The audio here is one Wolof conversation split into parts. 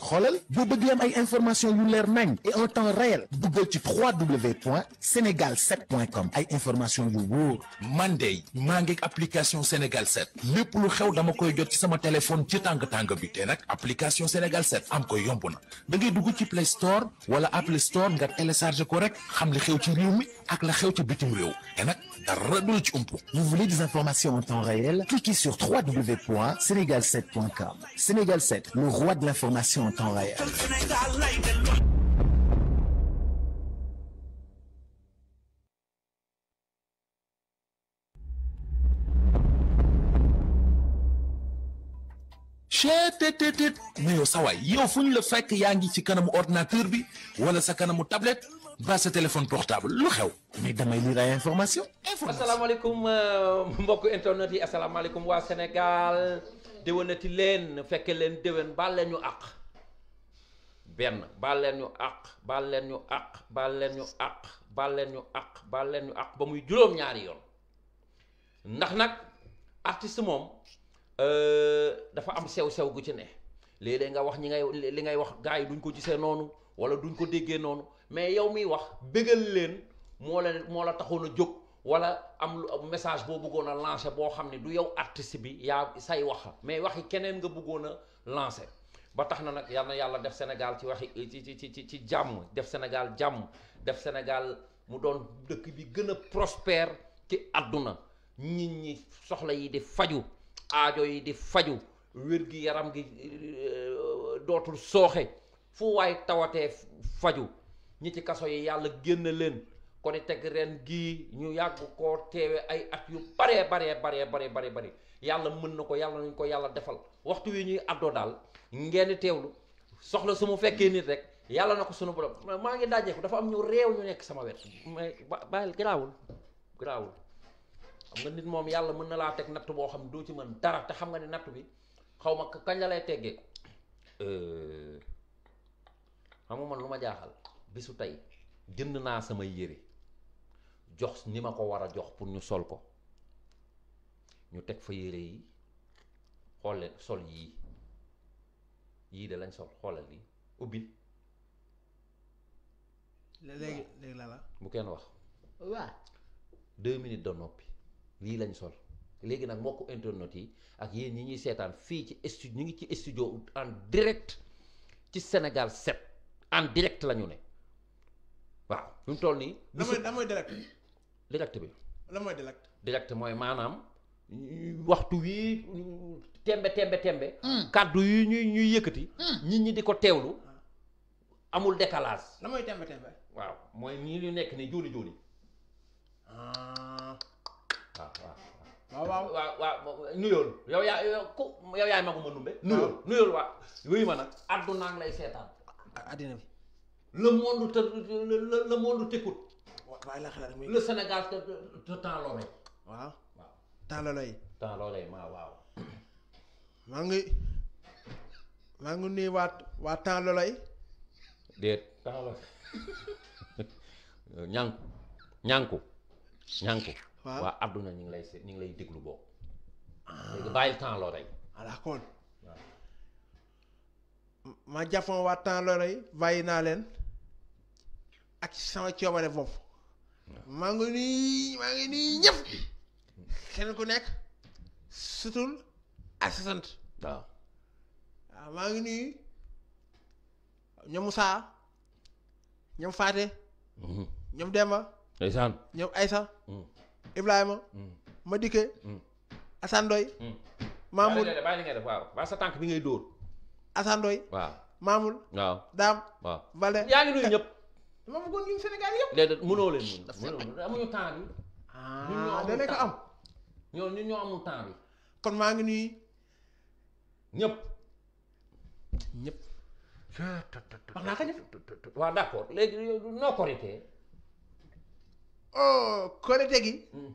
xoolal boo bëgg am ay information yu leer nañ et en temps réel duggal ci 3w point sénégal 7 point com ay information yu wóor man de maa ngi application sénégal 7 lépp lu xew dama koy jot ci sama téléphone ci tàng tàng bi te nag application sénégal 7 am koy yomb na da ngay dugg ci play store wala apple store nga télécharge ko rek xam li xew ci riw mi ak la xew ci bitim réew te dara du ci umpu vous voulez des informations en temps réel cliquez sur w sénégal 7 point com sénégal 7 le roi de l'information en temps réel. cheetetetet mais yow sawaay yow fu ñu la fekk yaa ngi ci kanamu ordinateur bi wala sa kanamu tablet ba sa téléphone portable lu xew mais damay lire ay information asalaamaaleykum euh, mbokk internet yi asalaamaaleykum waa Sénégal déwénati leen fekke leen déwén baal leen ñu àq benn baal leen ñu àq baal leen ñu àq baal leen ñu àq baal leen ñu àq baal leen ñu àq ba muy juróom-ñaari yoon ndax nag artiste moom euh, dafa am sew-sew gu ci ne léeg-léeg nga wax ñi ngay li ngay wax gars yi duñ ko gisee noonu wala duñ ko déggee noonu mais yow miy wax bégal leen moo la moo la taxoon a jóg wala am lu message boo bëggoon a lancer boo xam ne du yow artiste bi yaa say wax mais waxi keneen nga bëggoon a lancer ba tax na nag yal yàlla def Sénégal ci waxi ci ci ci ci jàmm def Sénégal jàmm def Sénégal mu doon dëkk bi gën a prospère ci àdduna nit ñi soxla yi di faju aajo yi di faju wér gi yaram euh, gi dootul sooxe fu waay tawatee faju ñi ci kaso yi yàlla génn leen kon teg ren gii ñu yàgg koo teewe ay at yu baree baree baree baree baree bëri yàlla mën na ko yàlla nañ ko yàlla defal waxtu wi ñuy àddoo daal ngeen teewlu soxla su mu fekkee nit rek yàlla na ko sunu borom maa ngi daajeeku dafa am ñu réew ñu nekk sama wet mais bàyyil garaawul garaawul xam nga nit moom yàlla mën na laa teg natt boo xam ne doo ci mën dara te xam nga ni natt bi xaw ma kañ la lay teggee euh, xam nga man lu ma jaaxal bisu tey jënd naa sama yére jox ni ma ko war a jox pour ñu sol ko ñu teg fa yére yi xool sol yii yii de lañ sol xoolal lii ubbil. léegi léegi la la. bu kenn wax. waaw. deux minutes de noppi lii lañ sol léegi nag mbokku internet yi ak yéen ñi ñuy seetaan fii ci studio ñu ngi ci studio en direct ci Sénégal 7 en direct la ñu ne waaw fi mu toll nii. lan mooy lan mooy direct. bi. lan mooy direct. direct mooy maanaam waxtu wii tembe tembe tembe hmm. kàddu yu ñuy ñuy yëkkati hmm. nit ñi di ko teewlu amul décalage la mooy tembe tembe waaw mooy nii ñu nekk nii jóoli jóoli ah. nuyool nuyool nuyool waaw wuyu ma nag lay seetaan ah, àddina bi le monde te le monde t'écoute waaye la xalaat le Sénégal te temps loolee waaw waaw temps loolee maa waaw maa ngi maa ngi nuyu waa waa temps loloy déet temps loloy ñànku ñànku waa àdduna ñu ngi lay ñu ngi lay déglu boobu léegi bàyyil temps loloy ah, ma jàppoon waa temps bàyyi naa leen ak sama coobare bopp maa ngi nuyu maa ngi nuyu ñëpp kenn ku nekk sutul ak sa sant waaw. waaw ah, maa ngi nuyu ñoom Moussa ñoom Faate. Mhm. ñoom Demba. ndeysaan ñoom Aysa. Mhm. Ibrahima. Mhm. Madike. Assane Ndoye. Mamoul bàyyi li waaw ba tànk bi ngay dóor. Assane Ndoye. waaw Mamoul. waaw Dame. yaa ngi nuyu ñëpp. dama leen mënoo amuñu temps bi. ah dana ñoo amul temps kon maa ngi nuyu. ñëpp ñëpp. wax naa ko ñëpp. waaw d'accord léegi noo korité. oh korité gi. Hmm.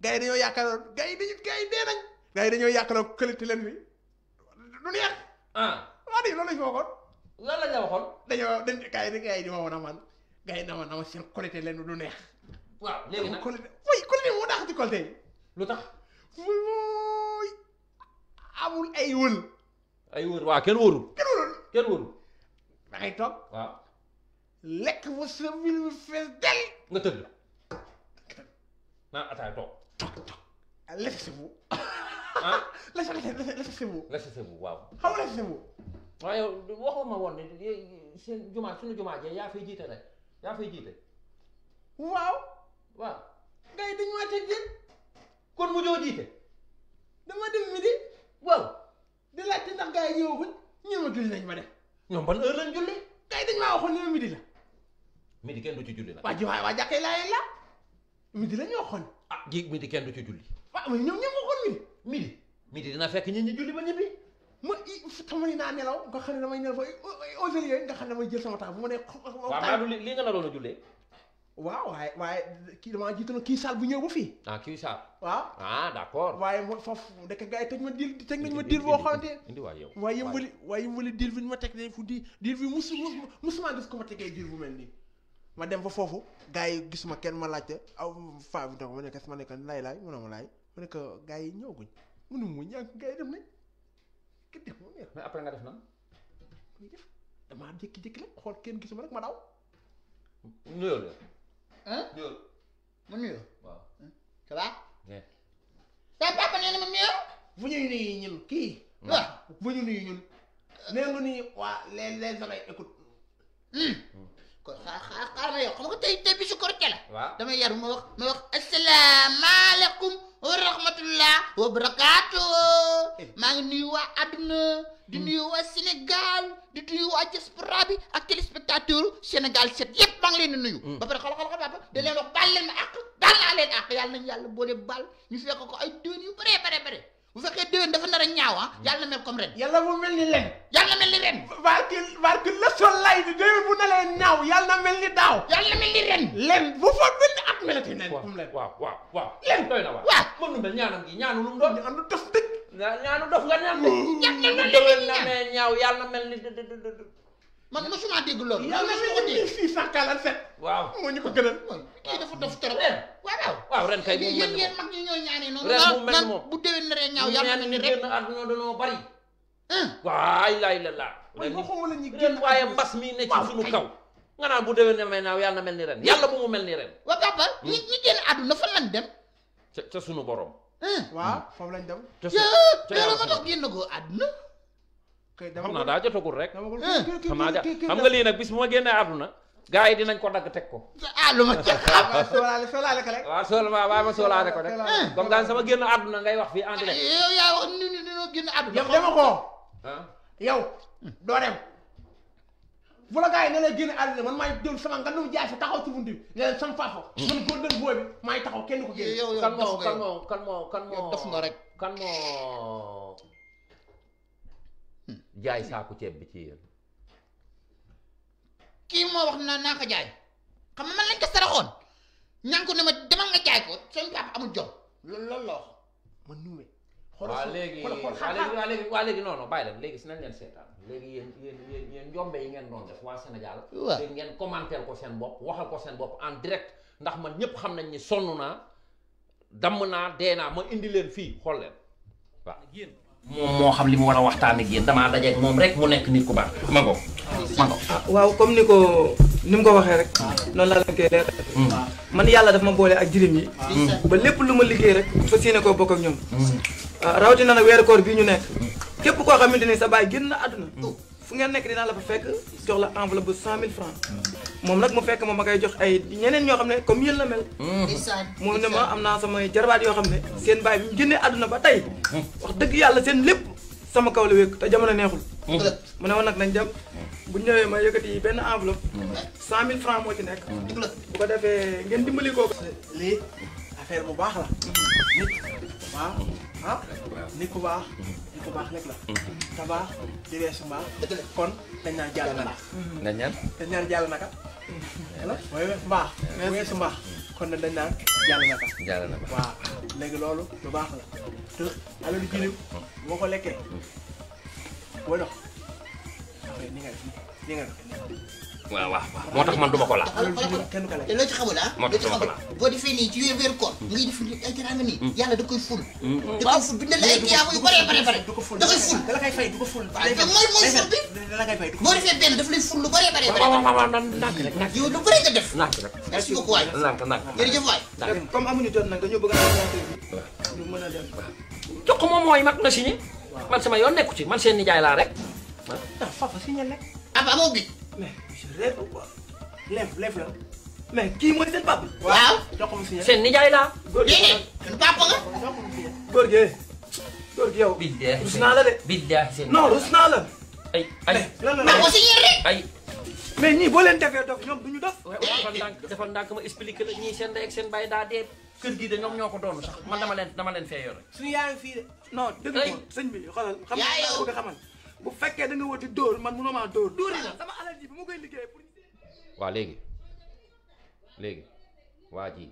gay yi dañoo yaakaaroon gars dañu gars dee nañ. gars dañoo yaakaaroon qualité leen wi du neex. ah waaw léegi la la ñu waxoon. dañoo a man gars yi na ma na ma neex. waaw moo daax ci qualité lu tax. amul ay wël. ay wël kenn wërul. kenn wërul kenn wërul. da ngay toog. lekk ba sa mil mi fees nga tëdd. naan ataay toog. lekk si bu. ah lekk si bu. lekk si bu waaw. xam lekk si bu. waaye waxoon ma woon ne seen jumaa suñu jumaa jee yaa fay jiite rek yaa fay jiite. waaw. ngay dañu maa tëj kon mu joo jiite. dama dem midi. waaw di laajte ndax gars yi ñëwaguñ ñu ma julli nañ ma def ñoom ban heure lañ julli gars yi dañ maa waxoon ne ma midi la midi kenn du ci julli waa ji waay waa jàkkee laay la midi la ñu waxoon ah gi midi kenn du ci julli waaw mais ñoom ñoom dina fekk ñi ñu julli ba ñibbi ma tama ni naa nelaw nga xam ne damay nelaw fa auxilier nga xam ne damay jël sama temps bu ma ne waaw li nga naroon a jullee waaw waaye waaye kii damaa jiitu na kii saal bu ñëw ba fii. ah kii saal. waaw ah d'accord. waaye mooy foofu dëkk gars yi teg ma diil te nañ ma diil boo xamante. indi waay yow waaye yëmbali waaye yëmbali bi ñu ma teg ne fu di diil bi musu musuma gis ko ma tegee diil bu mel nii. ma dem fa foofu gaa yi ma kenn ma laajte aw faa bi ma nekk ma nekk lay laay mu ne ma laay ma nekk gars yi ñëwaguñ mënu mu ñàkk gars yi def nañ ki def moom nga def nan. def damaa jékki-jékki rek xool kenn gisuma rek ma daw. nuyoo ah Ndiour. mu nuyoo. waaw ça va. bien. sa papa ñun kii. waaw bu ñun. nee ni waa les les oreilles écoute. Mm. kon xaaral xaaral ma yow xam nga tey tey bisu korite la. waaw damay ma wax ma wax asalaamaaleykum wa rahmatullah wa eh. maa ngi nuyu waa di nuyu waa Sénégal di nuyu waa diaspora bi ak téléspectateur Sénégal set yépp maa ngi leen di nuyu mm. ba pare xala xala xala papa da leen wax baal leen ma àq baal naa leen àq yàlla nañu yàlla boole baal ñu fekk ko ay doon yu bare bare bare bu fekkee déwén dafa nar a ñaaw ah na mel comme ren. yàlla mu mel ni ren. yàlla na mel ni ren. barki barki leçon lay bi déwén yàlla mel ni daaw. yàlla na mel ni ren. len bu fa benn at melati nen. waaw waaw waaw len doy na waaw. waaw moom nu mel ñaanam gi ñaanu lu mu doon. ñaanu dof dëgg. ñaanu dof nga ñaanu dof nga ñaan de. déwén na mel ñaaw man mosuma dégg loolu. yàlla ko gënal. kii dafa dof trop. waaw waaw ren kay moom mel yéen mag ñi ñooy ñaanee noonu. ren mu mel moom bu déwén la mi ne ci suñu kaw. nga naan bu mel ni ren hmm. yàlla bu mu mel ni ren. waaw papa hmm. ñi ñi génn àdduna fan lañ dem. ca ca suñu borom. ca ca yàlla ma tax génn ko àdduna. xam naa daa jotagul rek eh. xam naa xam nga lii nag bis bu a génnee àdduna gaa di dinañ ko dagg teg ko ah lu ma ca xam solaale solaale ko rek waaw sol ko rek comme sama génn àdduna ngay wax fii en direct ah, yow yaa wax ni ni dañoo génn ko doo dem bu la gaa yi ne lay génn àdduna nga num jaay sa taxaw ci bunt bi ne leen sam faafa hmm. man góordan booy bi maay taxaw kenn ko génn kan moo kan moo kan moo kan moo kan moo jaay saaku ceeb bi ci yéen. kii moo wax na naa ko jaay xam nga man lañ ko saraxoon ñaan ko ne ma demal nga jaay ko seen la wax ma nuwee. xoolal waaw léegi waaw léegi non non bàyyi leen léegi nañ leen seetaan léegi yéen yéen yéen yi ngeen doon def waa Sénégal. waaw léegi bopp waxal ko seen bopp en direct ndax man ñëpp xam nañ ni sonn naa damm naa dee naa ma indi leen fii xool leen waaw. moom moo xam li mu war a waxtaan ak yéen damaa dajeeg moom rek mu nekk nit ku baax ma ko ma waaw comme ni ko ni mu ko waxee rek noonu la leen mm. man yàlla daf ma boole ak jirim yi mm. ba lépp lu ma liggéey rek fas yéene ko bokk ak ñoom mm. ah, rawatina nag weeru koor bii ñu nekk képp koo xamante ni sa baay génn na àdduna fu ngeen nekk dinaa la fa fekk jox la enveloppe bu cent mille francs moom nag mu fekk ma ma kay jox ay ñeneen ñoo xam ne comme yéen la mel moom ne ma am naa samay jarabaat yoo xam ne seen baay bi mu génnee àdduna ba tey wax dëgg yàlla seen lépp sama kaw la wékk te jamono neexul mu ne woon nag nañ dem bu ñëwee ma yëkkati benn envelopp cent mille francs moo ci nekk bu ko defee ngeen dimbali kooku lii affaire bu baax la hmm. ah ah nit ku baax nit ku baax rek la. te baax di weesu mbaax kon dañ naa jàll naka. dañ naan dañ jàll naka. waaye mbaax weesu mbaax kon nag dañ naan jàll naka. jàll naka waa léegi loolu lu baax la te alal jiliw boo ko lekkee boo dox après ni nga ni nga waaw waaw moo tax man du ma ko laal. loo ci xamul ah. moo tax du ma ko laal boo defee nii ci wéeru koor. ngay def ay teraanga nii. Mm. yàlla da koy ful. Mm. da koy ful bindal la ay tiyaaba yu bare bare bare. da koy ful da la koy fay du ko ful. waaw te mooy mooy ful bi. boo defee benn daf lay ful lu bare bare bare. waaw waaw waaw ndànk rek ndànk yow lu bare nga def. ndànk rek merci beaucoup waay. ndànk ndànk jërëjëf waay. comme amuñu jot nag dañoo bëgg a. waaw ñu mën a dem. jox ko moom mooy mag na signé. man sama yoon nekku ci man seen nijaay laa rek. ah papa signé rek. ah amoo bi. tu rêves ou quoi lève lève la mais kii mooy seen papa. waaw jox ko mu signé seen nijaay laa. góor gi papa yow. billahi rus naa la de. billahi seen non naa ay la ko signé rek. ay mais ñii boo leen defee dof ñoom ñu dof. waaw defal ndànk defal ndànk ma expliqué la ñii seen ndey seen baay daa dee. kër gii de ko doon sax man dama leen dama leen fee yore. suñu yaay fii de non dégg nga sëñ bi bu fekkee da nga wuti dóor man mënoo maa dóor dóori la sama alal ji bi ma koy liggéey pour. waaw léegi léegi waa ji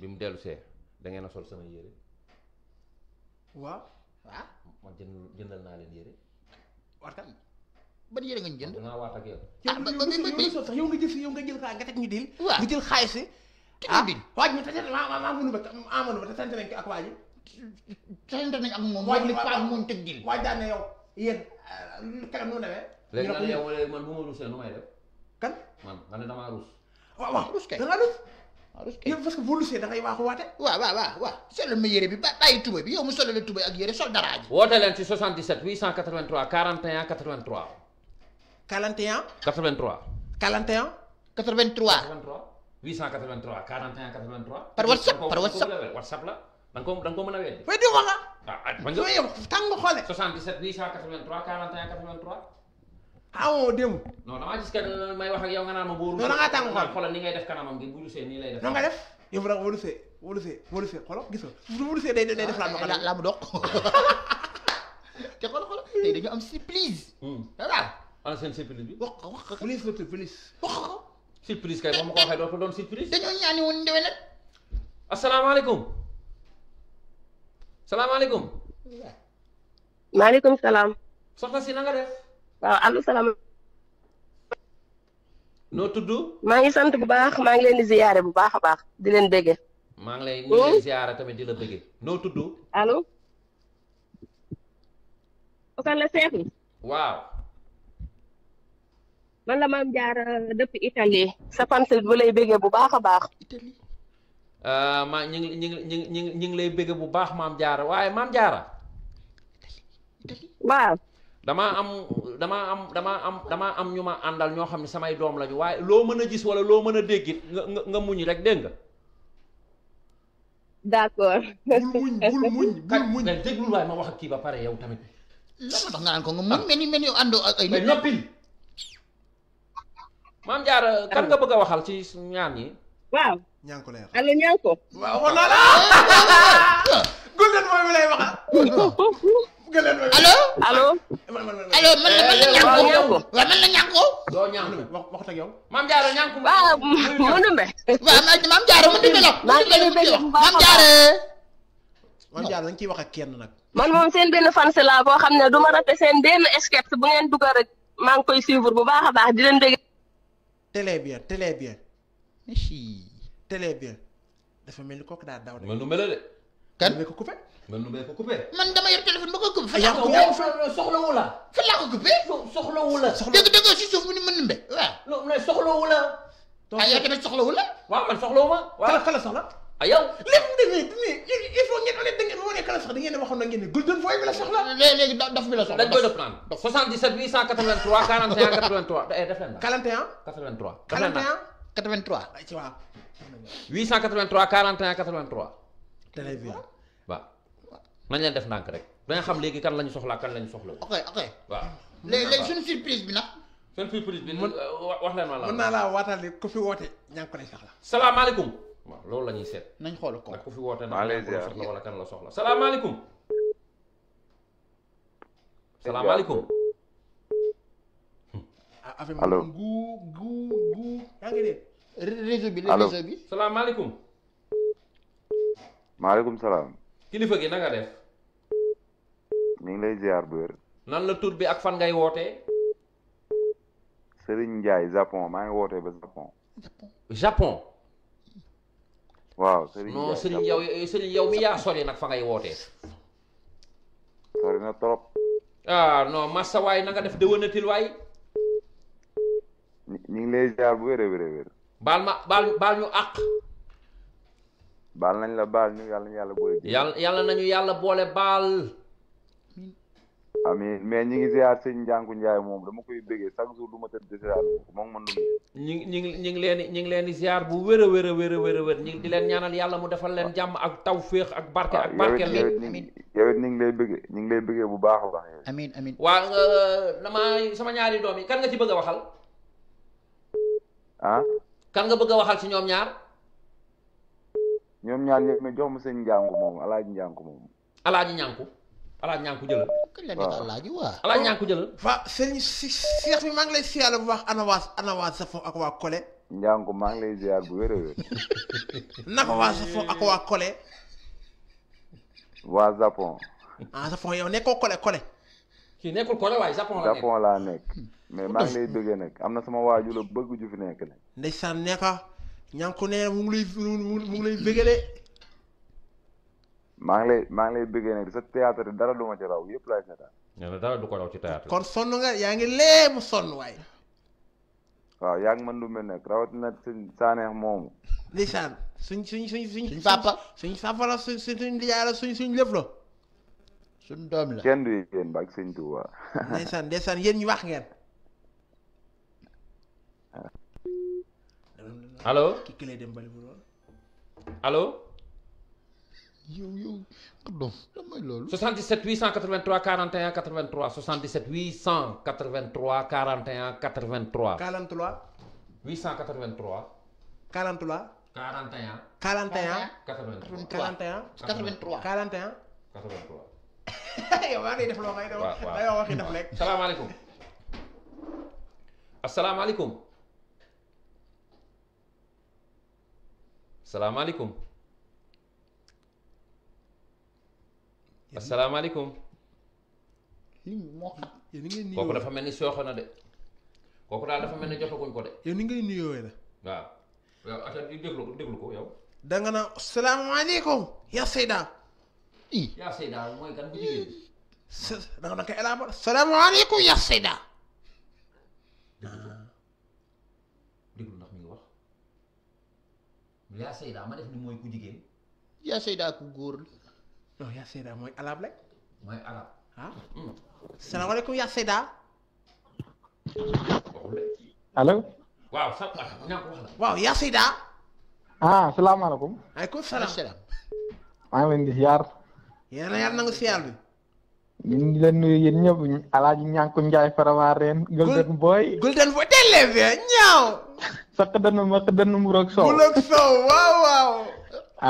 bi mu dellu see da ngeen a sol sama yére. waa ah man jënd jëndal naa leen yére. waxtaan ban yére nga ñu jënd. dinaa waat ak yow. ah ba ba ba sax yow nga jël si nga jël xaalis teg ñu dil. waaw nga jël xaalis si. ah waaj ma tase ma ma mënu ma ah mënu ma tasante nañ ak waa ji. tasante nañ ak moom. waaj li paa moom teg dil waaj daan yow. yéen kanam nu mu demee. léegi nag yow man bu ma ruusee nu may def. kan man nga ne damaa ruus. waaw waaw ruus kay da ngaa ruus. waaw ruus kay yow parce que boo ruusee da ngay waaxu waate. waaw waaw waaw waaw solal ma yére bi ba bàyyi tuba bi yow mu solal la tuba ak yére sol dara ji. woote leen ci 77 883 41 83. 41. 83. 41. 83. 83 883 41 83. par WhatsApp par WhatsApp. WhatsApp la. da nga ko da nga ko mën a weddi. weddi wala. Ah, ah man de yow tàng xoole. 77 883 41 83. ah woo oh, démb. non damaa gis que may wax ak yow nga naan ma booru. non da ngaa tàng xool xoolal ni ngay def kanamam gi bu rusee nii lay def. non nga def yow da nga ko rusee boo rusee boo rusee xoolal gis nga bu rusee day day def laa la laa mu doq. te xoolal xoolal tey dañu am surprise. Hmm. voilà. ana seen surprise bi. wax ko wax ko. police la police. wax ko. surprise kay moom ma ko waxee doo ko doon surprise. dañoo ñaani woon ndewenal. asalaamaaleykum. salaamaaleykum. maaleykum salaam. soxna si na nga waaw allo salaam. noo tudd. maa ngi sant bu baax maa ngi leen di ziyaare bu baax a baax di leen bége. maa ngi lay ñu ngi hmm? ziyaare tamit di la bége noo tudd. alo okan la seex waaw. man la maam jaar depuis Italie. sa fans bu lay bége bu baax a baax. Italie. Ah, ma ñu ngi ñu ngi ñu ñu ngi lay bëgg bu baax maam jaara waaye maam jaara waaw damaa am damaa am damaa am damaa am ñu ma àndal ñoo xam ne samay doom lañu waaye loo mën a gis wala loo mën a déggit nga nga nga muñ rek dégg nga d'accord bul muñ bul muñ bul muñ déglul waaye ma wax ak kii ba pare yow tamit la ma tax nga naan ko nga mel ni mel ni àndoo ak ay noppil maam jaara kan nga bëgg a waxal ci ñaan yi waaw. ñaanko lay wax allo ñaanko. waaw man la man la eh, waaw man la ñaanko. doo ñaanko wax wax yow. maam Diarra ñaanko. waaw mu numbe. waaw maam Diarra mu la. maa ngi wax ak kenn nag. man moom seen benn fans laa boo xam ne du ma rate seen benn sketch bu ngeen dugal rek maa ngi koy suivre bu baax a baax di leen dégg. très bien très bien. ne sii. télé bi dafa mel ni kooku daa daw de. man lu mel de. kan lu mel ko coupé. man lu mel ko coupé. man dama yor téléphone ba ko coupé. Ah, fa laa ko coupé soxlawu la. fa laa ko coupé. soxlawu la. soxlawu dégg dégg si suuf mu ni mën mbe waaw. non mais soxlawu la. ah yow tamit soxlawu la. waaw man soxlawu ma. waaw kala soxla. ah yow lépp demee demee il faut ngeen honnête da ngeen wane kala soxla da ngeen ne waxoon na ngeen ne golden boy bi la soxla. léegi daf bi la soxla. dañ koy def naan 77 883 41 83. def leen 41. 83. 41 83. waaw. 883 41 83. télévision waaw. nañ leen def ndànk rek da nga xam léegi kan la ñu soxlaa kan la ñu soxla. ok ok waaw. léegi léegi suñu surprise bi nag. suñu surprise bi mën euh, wax leen ma la. naa laa waatal ku fi wootee ñaa ngi ko lay soxla. salaamaaleykum. waaw loolu la ñuy seet. nañ xool ko ku fi woote nag ñaa wala kan la soxla salaamaaleykum. allo gu gu gu yaa ngi dégg. réseau bi réseau bi. salaamaaleykum. maaleykum salaam. kilifa gi na def. ñu ngi lay ziar bu wér. nan la tur bi ak fan ngay woote Serigne njaay Japon maa ngi wootee ba Japon. Japon. waaw Serigne non Serigne yow mi yaa sori nag fa ngay woote sori na trop. ah Massa waay na def déwénatil waay. ñu ngi lay jaar bu wér a wér baal ma ñu àq baal nañ la baal ñu yàlla ñu yàlla yàlla yàlla nañu yàlla boole baal amin mais ñi ngi ziar sëñ njànku njaay moom dama koy bëggee chaque jour du ma tëdd ziar moom man ngi ñi ngi ñi ngi leen ñi ngi leen di ziar bu wér a wér a wér a wér ñi di leen ñaanal yàlla mu defal leen jàmm ak taw féex ak barke ak barkeel leen amin yow it ñi ngi lay bëggee ñi ngi lay bëggee bu baax a baax amin amin waa dama sama ñaari doom yi kan nga ci bëgg a waxal ah. kan nga bëgg a waxal ci ñoom ñaar. ñoom ñaar ñëpp mais jox ma sëñ njànku moom alaaji njànku moom. alaaji ñànku jëlal. kañ la nekk alaaji waaw alaaji ñànku jëlal. waaw si seex bu baax anawaas anawaas Safo ak waa Kole. njànku maa ngi lay siyaare bu wér a wér. naka waa Safo ak waa Kole. waa Japon. ah Safo yow nekkoo Kole Kole. kii nekkul Corée waaye Japon la nekk Japon laa nekk. mais maa ngi lay bëggee nag am na sama waaju la bëgg ju fi nekk nag. saan nekka ñànku nee mu ngi lay mu ngi lay bëggee de. maa ngi lay maa ngi lay bëggee nag sa théâtre dara du ma ci raw yëpp laay seetaan. nee na dara du kon sonn nga yaa ngi lee mu sonn waaye. waaw yaa ngi mën du mel nag rawatina suñ saaneex moomu. ndeysaan suñ suñ suñ su su papa suñ papa la suñ suñ suñ ndiyaay la suñ suñ lépp la. suñ doom la kenn du yéen ba ak sëñ Tuuba ndeysaan ndeysaan yéen ñu wax ngeen allo ki këlee dem bali bu lool allo yow yow pardon damay loolu 77 883 41 83 77 883 41 83 43 883 43 41 41 81 yow yaa ngi def loo ngay def. waaw waaw dayoo waxi def lekk. salaamaaleykum. asalaamaaleykum. salaamaaleykum. asalaamaaleykum. kooku dafa mel ni sooxe na de. kooku daal dafa mel ni jotaguñ ko de. yow ni ngay nuyoowee la. waaw yow atta déglu ko déglu ko yow. da nga naan salaamaaleykum. yaa Seyda. i yaa Seyda mooy kan jigéen da Seyda déglu ndax mi ngi Seyda ma def ni mooy ku jigéen yaa Seyda ku góor la Seyda mooy arab rek mooy arab ah salaamaaleykum Seyda allo waaw sa Seyda ah salaamaaleykum aleykum salaam maa ngi leen di yéen na yàlla nangu siyaar bi. ñu ngi leen nuyu yéen ñëpp alaaji ñànku njaay faramaa reen. golden boy golden booy télé bi ñaaw. sa xëddan ma xëddan mu roog soow. mu roog waaw waaw.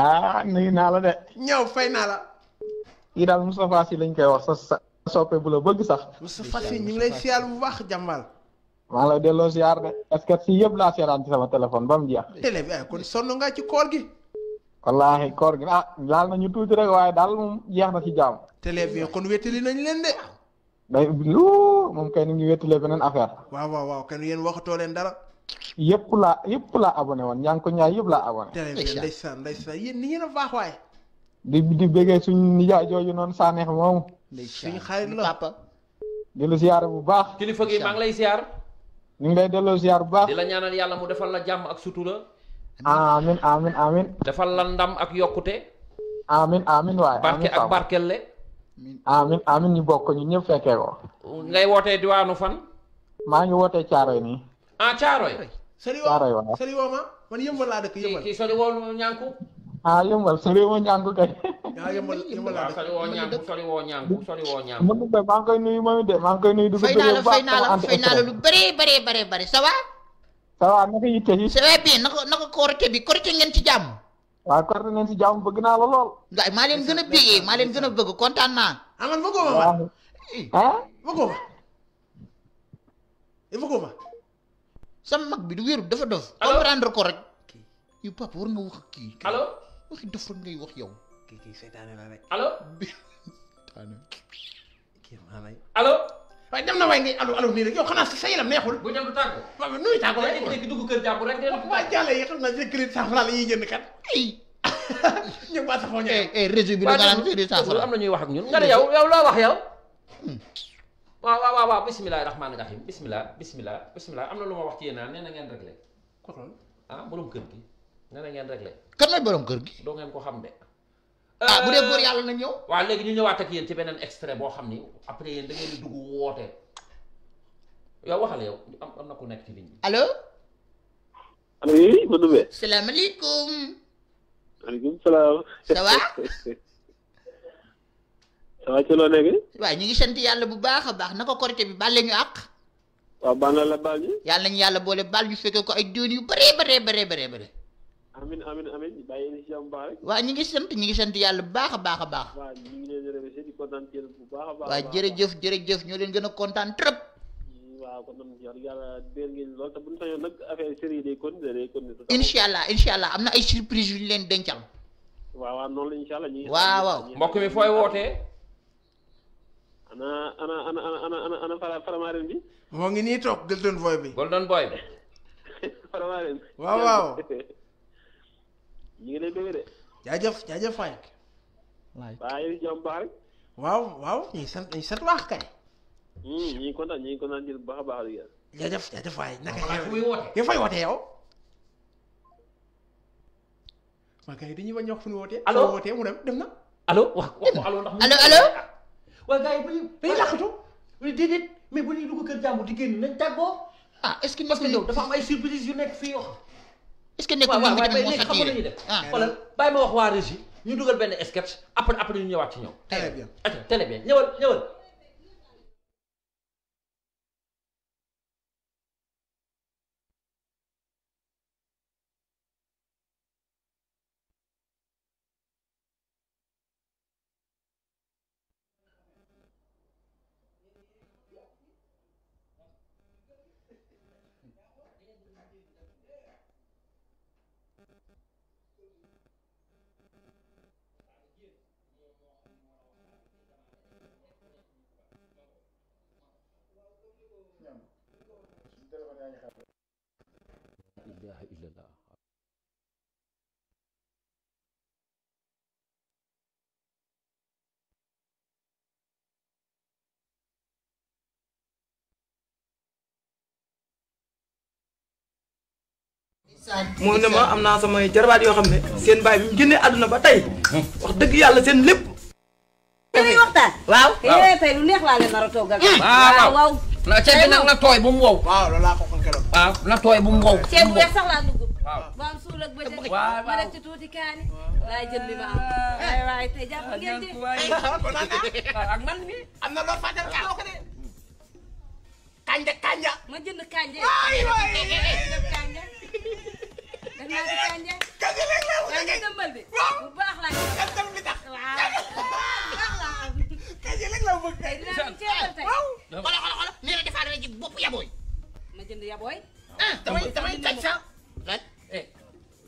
ah nuyu naa la de. ñaaw fay naa la. kii daal Moustapha Sy lañ koy wax sa sa soppe bu la bëgg sax. Moustapha Sy ñu ngi lay siyaar bu baax jàmbal. maa la delloo siyaar de. parce que yëpp laa seeraan sama téléphone ba mu jeex. télé bi eh, kon sonn nga ci koor gi. wallaahi koor gi ah laal na ñu tuuti rek waaye daal moom jeex na ci jàmm. télé bi kon wétali nañ leen de. day luu moom kay ni ngi beneen affaire. waaw waaw waaw kenn yéen waxatoo leen dara. yëpp laa yëpp laa abone woon ñaa ko ñaay yëpp laa abonné. télé bi ndeysaan ndeysaan yéen a baax waaye. di di bëggee suñu nijaay jooju noonu Sanex moomu. ndeysaan suñu xarit la papa. di lu ziar bu baax. kilifa gi maa ngi lay ziar. ñu lay delloo ziar bu baax. di la ñaanal yàlla mu defal la jàmm ak sutura amin amin amin defal la ndam ak yokkute amin amin waay barke ak barkelle amin amin ñu bokk ñu ñëpp fekkee ko ngay wootee diwaanu fan maa ngi wootee caaroy nii ah caaroy caaroy waaw sëri woo ma man yëmbal laa dëkk yëmbal kii sori woo ñànku ah yëmbal sori woo ñànku kay ah maa ngi koy nuyu moom de maa ngi koy nuyu fay fay naa la fay naa la lu bëree bëree bëree bëri ça ça va naka yitte yi. ça va bien naka naka korite bi korite ngeen ci jàmm. waaw korite ngeen ci jàmm bëgg naa la lool. waaye maa leen gën a bégee maa leen gën a bëgg ah, eh, eh, mag bi du wéeru dafa dof. comprendre ko rek. yow papa war nga wax kii. allo waxi dof rek ngay wax yow. kii kii seetaane la rek. waaye dem na waaye ngay alu alu nii rek yow xanaa sa yaram neexul. bu dem du yi la ñuy jënd kat ay. ñoom waa Safo Ndiaye. eh, eh réseau bi la nga naan crédit cent franc na ñuy wax ak ñun. nga ne yow yow loo wax yow. Hmm. waaw waaw waaw waaw bisimilah am na lu ma wax ci ne na ngeen réglé. ah borom kër gi nee na ngeen réglé. kër gi. doo ngeen xam waa euh, ah, bu dee góor yàlla na ñëw. waaw léegi ñu ñëwaat ak yéen ci beneen extrait boo xam ni après yéen da ngeen di dugg woote yow waxal yow am na ku nekk ci ligne bi. allo. allo oui ma Ndoumbe. salaamaaleykum. maaleykum nekk. waaw ñu ngi sant yàlla bu baax a baax naka korité bi bàlle ñu àq. waaw baal na la baal ñu. yàlla nañu yàlla boole baal ñu fekkee ko ay doon yu bëree bëree bëree amin amin amin bàyyi ni si am baax rek. waaw ñu ngi sant ñu ngi sant yàlla bu baax a baax a baax. waaw ñu jërëjëf jërëjëf ñoo leen gën a kontaan trop. Mm, waaw kontaan nañu wax yàlla dégg ngeen lool te bu ñu sañoon nag affaire série day continuer day continuer. incha allah incha allah am na ay surprise yu ñu leen dencal. waaw waaw noonu la incha allah ñu ngi. waaw waaw mbokk mi fooy wootee. ana ana ana ana ana ana fara faramaaren bi. moo ngi nii toog Golden Boy bi. Golden Boy bi. faramaaren. waaw waaw. ñu ngi lay bëgg de. jaajëf jaajëf Faye. waaw waaw waaw ñu ngi sant ñu ngi sant baax kay. Hmm, ñu ngi kontaan ñu ngi kontaan bu a baax di jaajëf jaajëf waay naka yow fay wootee yow. man kay dañuy bañ wax fu ñu wootee. allo fu ñu wootee mu dem dem na. allo wax wax allo ndax. allo allo. waaw gars bu ñu dañuy làqatu. bu ñuy dugg nañ tàggoo. ah est-ce que. parce que yow dafa am ay surprise yu nekk fii wax. est-ce que nekkul ñoom itam moo saturé ah xoolal bàyyi ma wax waa régie ñu dugal benn sketch après après ñu ñëwaat ci ñow. très bien télé bien ñëwal ñëwal. moom ne ma am naa samay jarbaat yoo xam ne seen baay bi mu génnee àdduna ba tey wax dëgg yàlla seen lépp dañuy waxtaan eh, waaw tey lu neex laa leen nar a toogal hmm. waaw waaw na tooy bu mu ceeb bu weex laa dugg waaw ba am suul ak ma def ci tuuti kaani laay jël li ma am ay waay tey jàpp ngeen de ak man mi am na loo fàttal ka ko de kanja kanja ma jënd def naa ko kanja. kanja léegi laa wax dëgg dëmbal bi. waaw bu baax la. ak tam li tax. waaw kanja léegi laa bëgg. tey dinaa ko ceebal tey. waaw xoolal xoolal xoolal nee na defaat na ci bopp yabooy. ma jënd yabooy. ah damay damay taj sa. lan eh.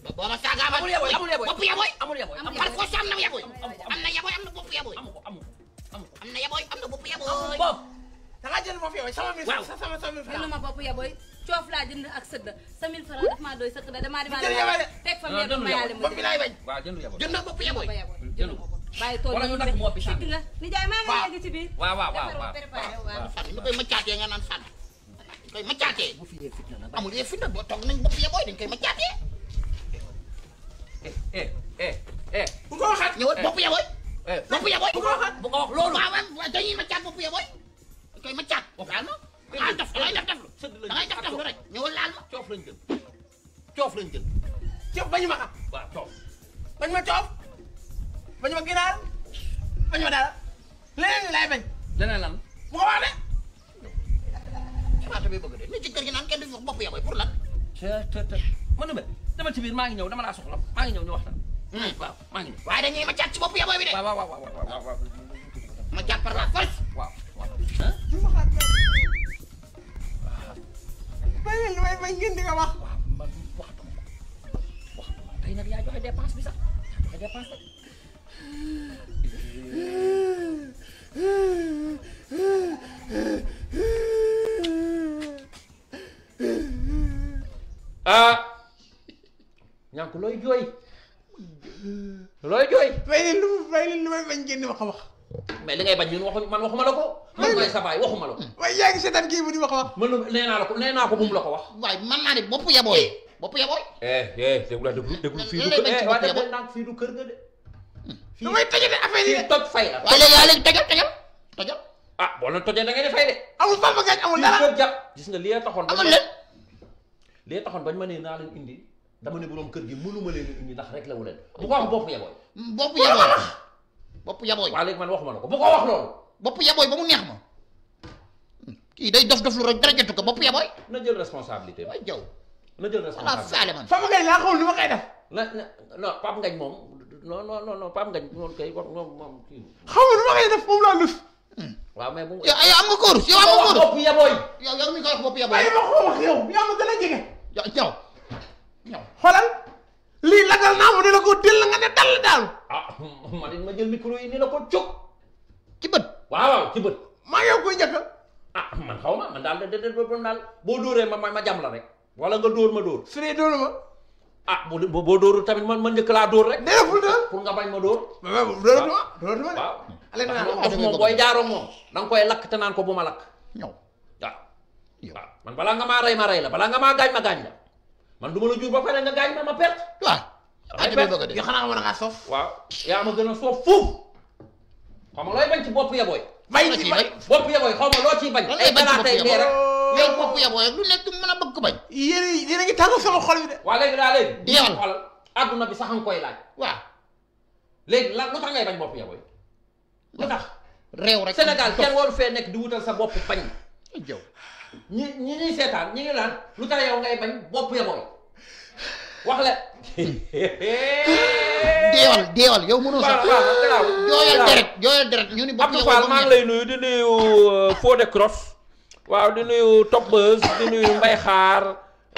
boo ma saagaabal. amul yabooy amul yabooy bopp yabooy. amul yabooy amul yabooy par force am na yabooy. am na yabooy am na bopp yabooy. amu ko amu ko amu ko. am na yabooy am na bopp yabooy. bopp. da ngaa jënd bopp yabooy sama. waaw sama sama sama. jënduma bopp yabooy. coof laa jënd ak sëdd sa 1000 francs daf maa doy sëkk da damaa demaale teg fa meeku ma yàlla ma jënd jënd na bopp yaboy jënd ko bàyyi tool maa nga yegg ci biir waaw waaw waaw waaw fànn ñu koy maccaatee nga naan fànn ñu koy maccaatee amul yee fitna boo toog nañ bopp yaboy dañ koy maccaatee eh eh eh eh, eh. ñëwal bopp yaboy eh. man la nee la ko nee naa ko moom la ko wax. waaye man naa ne bopp yabooy. bopp yabooy. eh eh déglu déglu déglu fii du eh, nga de. fii damay tojate affaire yi de toj fay la. waaye léegi léegi tojal tojal tojal. ah boo leen tojee da ngeen li nga taxoon. amul lépp li taxoon bañ ma indi dama ne borom kër gi mënuma leen indi ndax rek la wu leen bu ko wax man waxuma la ko bu ko wax loolu. bopp yabooy ba mu neex ma kii day dof dof lu rek dara jotu ko bopp ya booy. na jël responsabilité bi. jaw na jël responsabilité bi man. Papa Ngagne laa xaw lu ma koy def. na na non Papa Ngagne moom non non non non Papa Ngagne moom kay moom moom kii. xaw ma lu ma koy def moom laa lus. Hmm. waaw mais bu mu. yow am nga kóorus yow am nga kóorus. bopp ya booy. yow yow mi ko wax bopp ya booy. waaye ma ko wax yow yaa ma gën a jege. yow ñaw ñaw. xoolal lii lagal naa ma ne la ko dell nga ne dal daal. ah man it ma jël micro yi ni la ko jóg. ci bët. waaw waaw ci bët. maa ngi koy njëkk ah man xaw ma man daal de de boo dóoree ma ma jam la rek wala nga dóor ma door su dee dóoru ma. ah bu boo boo dóorul tamit man man njëkk laa dóor rek. déeful na pour nga bañ ma dóor. waaw dóoratu ma dóoratu ma de. waaw alay nga koy lakk te ko bu ma lakk. ñëw waaw. waaw man balaa nga maa rey ma rey la balaa nga maa gaañ ma gaañ la man du ma la jur ba pare nga gaañ ma ma perte. waaw. ay perte yoo xam ne xanaa war ngaa soof. waaw yaa ma gën a soof fuuf xam nga looy bañ ci bopp ya booy bañ ci bañ bopp yabooy xaw ma loo ciy bañ. ay galaatay dee rek yow bopp yabooy rek lu nekk mën a bëgg bañ. yéen yéen a ngi tàngal sama xol bi de. waa léegi daa léegi. di yabal xol adduna bi sax koy laaj. waaw léegi lan lu tax ngay bañ bopp yabooy. lu tax réew rek Sénégal kenn waru fee nekk di wutal sa bopp bañ. jëw ñi ñi seetaan ñi ngi naan lu tax yow ngay bañ bopp yabooy. wax la. deewal deewal yow mënoo sax. waaw waaw jooyal deret jooyal deret ñu ni bopp yow maa ngi lay nuyu di nuyu euh, Fodé Cross. waaw di nuyu Topbeuse di nuyu Mbaye Xaar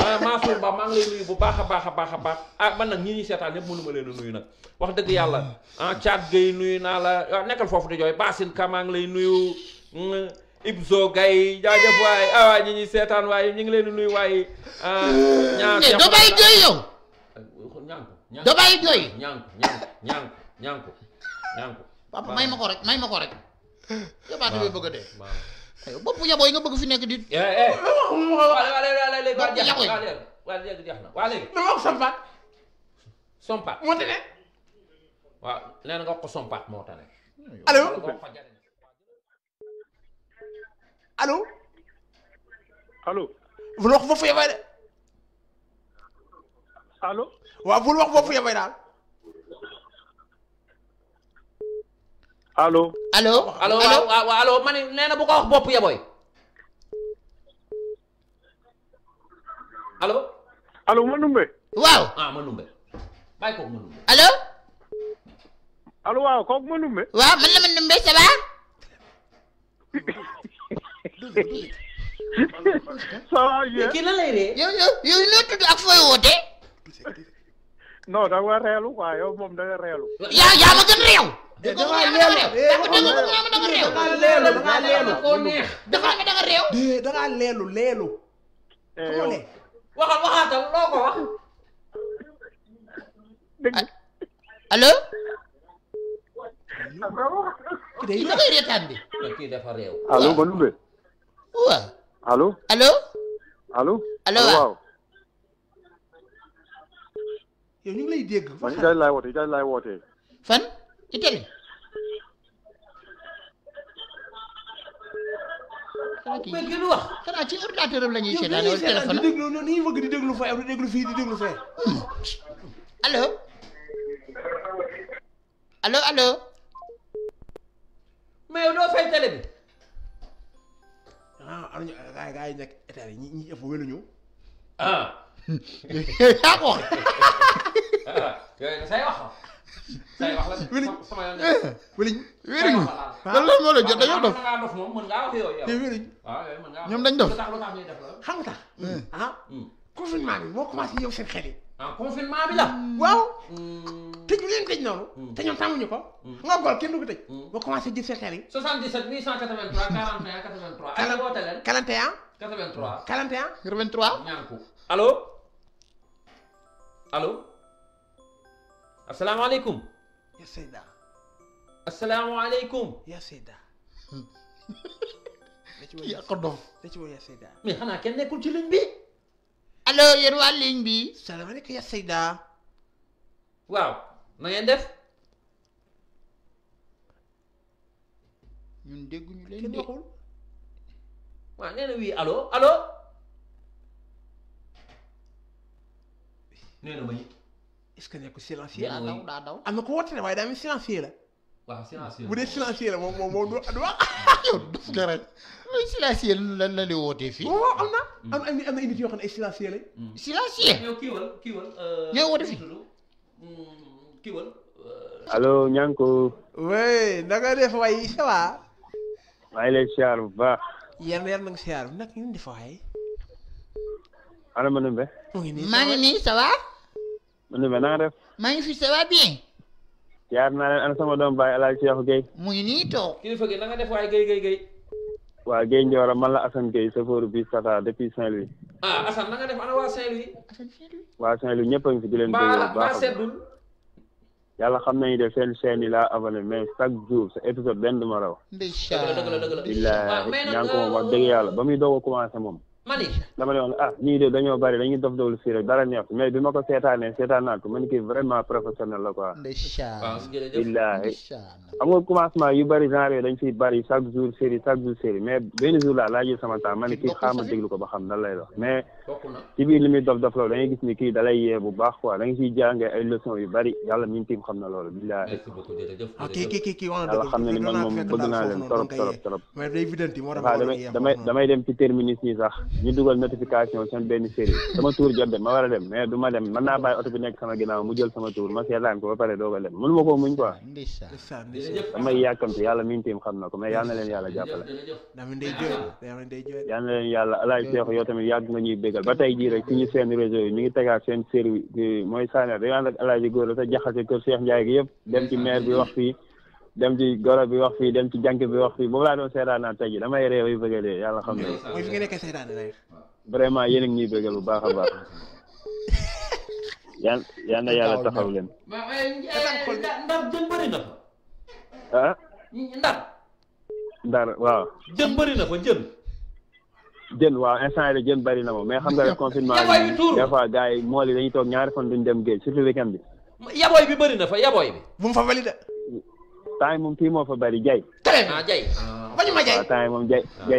euh, Mansour Ba maa lay nuyu bu baax a baax a baax a baax a ah, man nag ñi ñuy seetaan yëpp mënuma leen a nuyu nag wax dëgg yàlla ah Thiat Gueye nuyu naa la nekkal foofu de jooy Basine Ka ngi lay nuyu mm, Ibzo Gaye jaajëf waaye ah ñi ñuy seetaan waaye ñu ngi leen di nuyu waaye. Ah, da bàyyi jooy ñànku ñànku papa may ma ko rek may ma ko rek yabaate bi bëgg a dee aywa yabooy nga bëgg fi nekk di bopp yabooy ko sompaat moo tane allo allo allo bu la wax de waaw bul wax bopp yabay daal. allo. allo allo waaw waaw allo ma ne nee na bu ko wax bopp yaboy. allo. allo Manumbe. waaw ah Manumbe. bàyyi ko Manumbe. allo. allo waaw kooku Manumbe. waaw man la Manumbe ça va. ça va bien. kii lan lay ree. yow yow yow noo tudd ak fooy wootee. non da nga reelu quoi yow moom da nga reelu. yaa yaa ma gën réew. dafa leelu dafa leelu koo neex. dafa da nga réew. da nga leelu leelu. waxal waxaatal loo ko wax. dégg nga allo. kii da koy reetaan bi. kii dafa réew. allo Manoumbe. waaw. allo. allo. allo waaw. yow ñu ngi lay dégg. man Italie laay wootee Italie laay wootee. fan Italie. mais gën wax. xanaa ci ordinateur am la ñuy seetaan wala téléphone yow di déglu bëgg di déglu fay di déglu fii di déglu fay. allo allo allo. mais yow doo fay télé bi. ah am na ñu gars yi nekk Italie ñi ñi ëpp wéluñu ah. yaa ko wax. yooyu say wax la. say wax la sama yoon wéruñu loolu moo la dañ dof lu tax lu tax ñuy def la. xam nga tax. ah confinement bi moo commencé yow bi la. waaw. tëj bi leen tëj noonu. te ñoom tàmmuñu ko. nga gol kenn du ko tëj. boo commencé di seen xel alo asalaamaaleykum. ya Seyda. asalaamaaleykum. ya Seyda. kii ak ci woo ya Seyda. mais xanaa kenn nekkul ci ligne bi. allo yéen waa ligne bi. salaamaaleykum ya Seyda. waaw na def. ñun dégguñu leen de. kenn waxul. waaw nee na wii allo nee na ma it. est-ce que nekk silencieux. daa daw daa daw am na ko woote waaye daa mel silencieux la. waaw silencieux bu dee silencieux la moom moom moom du du wax. yow daf nga la lay wootee fii. waaw am na. am na am na unité yoo xam ne ay silencieux lañ. silencieux. yow kii wal kii wal. ñoo woote fii kii wal. na def waay ça va. maa ngi lay siyaar bu baax. yéen a nag ñu ngi def waay. ana Manoumbe. maa ngi nii ça va. Manoumbe na def. maa ngi fi ça va yaar naa leen ana sama doom baay El Hadj Cheikh Guèye. mu ngi nii toog. kilifa gi na nga def waaye Guèye Guèye Guèye. waa Guèye Ndioro man la Assane Guèye chauffeur bi Tata depuis Saint-Louis. ah Assane na nga def ana waa Saint-Louis. waa Saint-Louis ñëpp a ngi fi di leen. baax baax seddul. yàlla xam nañu de seen chaîne yi laa abonné mais chaque jour sa épisode benn du ma raw. incha allah dëgg moom wax dëgg yàlla ba muy doog a moom. mani dama ne woon ah ñii de dañoo bari dañuy dof doflu fii ma ko seetaanee seetaan naa ko man kii vraiment billaahi xam nga commencement yu bari dañ fiy bari chaque jour série chaque jour série mais benn laa laa sama temps ma ne xaama déglu ko ba xam nan lay wax mais ci biir li muy dof dof la da gis ni kii dalay yee bu baax quoi da nga ciy jàngee ay leçons yu bari yàlla mi ngi xam na loolu billaahi ah, yàlla xam na man moom bëgg naa leen trop trop trop damay damay dem ci terminus yi sax ñu dugal notification seen benn série sama tour jot de ma war a dem mais du ma dem mën naa bàyyi oto bi nekk sama ginnaaw mu jël sama tour ma seetaan ko ba pare doo ko dem mënu koo muñ quoi. damay yàkkamti yàlla mi tiim xam na ko mais yal na leen yàlla jàppale. yal na leen yàlla alaay seexu yoo tamit yàgg nga ñuy bégal ba tey jii rek suñu seen réseau yi mi ngi tegaat seen série mooy Sané dañu ànd ak alaaji góor la te jaxase kër Cheikh Ndiaye gi yëpp dem ci wax fii dem ci goro bi wax fii dem ci jànk bi wax fii boobu laa doon seetaanaat tey jii damay réew yu bëggee dee yàlla xam ne mooy fi nga nekk seetaan vraiment yéen bu baax a baax yàlla taxaw leen eh, ndar jën bëri na fa ah ndar ndar waaw jën bëri fa jën jën waaw instant yi jën bëri na moom mais xam nga rek confinement bi des fois yi mool yi dañuy toog ñaari fan dem géej surtout weekend bi yaboy fa yaboy bi bu fa valide temps yi moom fii fa bari jay très jay ah. yi moom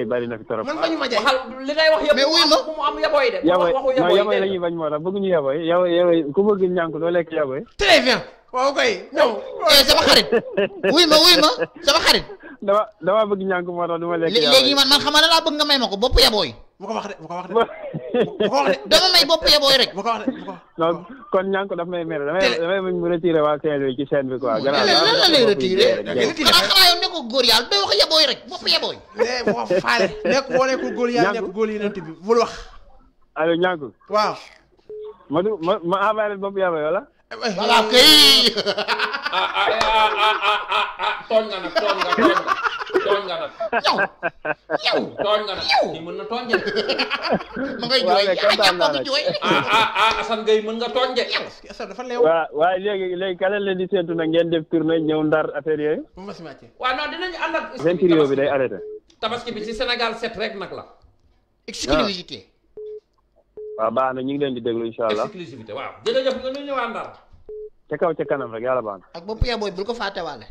bari na fi trop man bañu ma jay waxal li ngay wax yëpp mais wuy ma yaboy de yaboy yaboy la ñuy ku bëgg ñànk doo lekk yaboy très bien waaw koy ñëw eh, sama xarit wuy ma wuy ma sama xarit dama bëgg ñànk moo tax du lekk ko bopp yaboy bu ko wax de bu ko wax de. bu ko wax de dama may bopp yebooy rek bu ko wax de bu ko wax. donc kon ña ko daf may mere damay damay mu retiré waa Saint-Louis ci chaîne bi quoi. gannaaw lan la lay retiré. xanaa xanaa yow nekkul góor yàlla day wax yebooy rek bopp yebooy. mais boo faale nekk boo nekkul góor yàlla nekk góor yi nanti bi bul wax. allo Niankou. waaw. ma du ma ma envoyé leen bopp yebooy wala. voilà kay. Ah ah, ah ah ah ah ah tooñ nga nag tooñ nga tooñ nga. tooñ nga nag yow yow tooñ nga nag kii mën na tooñ de ma ngay jooy yaa ngi jooy ah ah ah Assane Gueye mën nga tooñ de Assane dafa leew waaw waaw léegi léegi ka leen di séntu nag ngeen def tournée ñëw ndar affaire yooyu waaw non dinañu ànd ak vingt bi day arrêté tabaski bi ci Sénégal set rek nag la exclusivité ah. waaw baax na ñu ngi leen di déglu incha allah exclusivité waaw jërëjëf nga ñu ñëwaa ndar ca kaw ca kanam rek yàlla baax na ak bopp yaa booy bul ko fàttewaale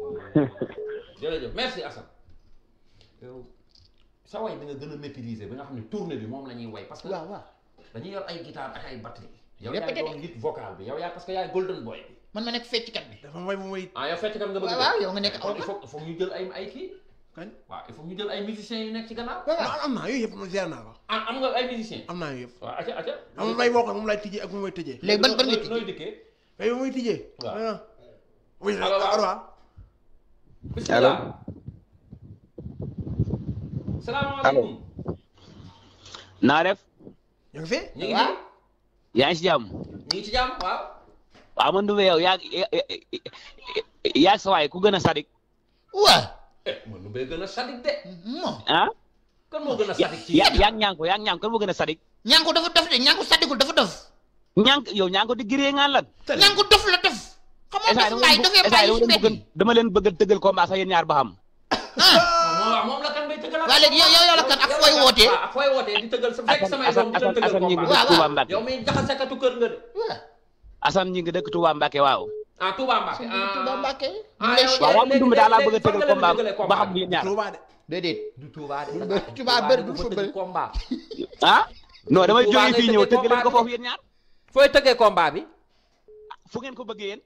jërëjëf merci Assane sa way bi nga gën a maîtriser bi nga xam ne tournée bi moom la ñuy way parce que waaw waaw dañuy yor ay guitare ak ay batterie yow bi yow yaay parce que yaay golden boy bi man ma nekk fecckat bi dafa may moom ah yow fecckat nga yëpp man gère ah, am nga ay musiciens am naa yooyu yëpp waaw acca acca am may bokk tijjee ak moom may tëjee léegi ban ban nga tijjee nooy dikkee bay moom may tijjee waaw ah. bisimilah salaamaaleykum. yaa ngi ci jàmm. ñu man du ma yow yaa yaa sa ku gën a sadik. waaw. Eh, man gën a sadik de. Ah? gën a sadik ci yaa yaa ñaanku yaa ñaanku kan moo gën a sadik. ñaanku dafa dof de ñaanku sadikul dafa dof. ñaanku yow ñaanku di giree ngaan lan. ñaanku dof la dof. xam nga dama leen bëgg a tëggal combat sax yéen ñaar ba xam. ah, ah moom la kan bay tëggal. waaw léegi yow yow la ah, nga de. Assane ñi ngi dëkk waaw. ah Touba Mbacké ah Touba Mbacké. ah yow léegi léegi léegi léegi fan nga leen tëggale combat bi Touba de déedéet. du Touba de Touba bëri ah? ko foofu yéen ñaar. tëggee combat bi. fu ko bëggee yéen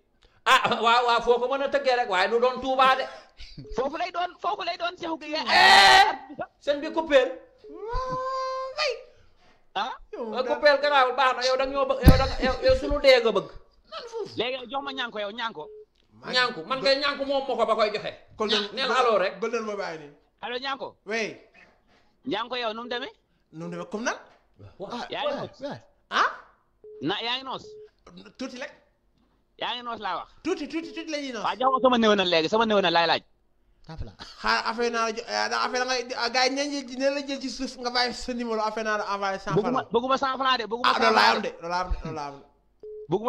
ah waaw waaw foo ko mën a tëggee rek waaye du doon Touba de. foofu lay doon foofu lay doon Cheikhou Gueye. seen bi coupéel. ah. coupéel ah, garaawul baax na yow da ñoo bëgg yow sunu dee nga bëgg. léegi jox ma ñànko yow ñànko. ñànko man kay ñànko moom moo ko ba koy joxe. neel allo rek golden ma bàyyi nii. allo ñànko. oui. ñànko yow nu mu demee. nu mu noos. Ah? na yaa noos. yaa ngi noos laa wax. tuuti tuuti tuuti la ñuy noos. waaw jox ko sama néew na léegi sama néew na laay laaj. xaar affaire naa la eh, affaire nga la jël ci naa la envoyé cent franc. bëgguma de bëgguma. ah loolu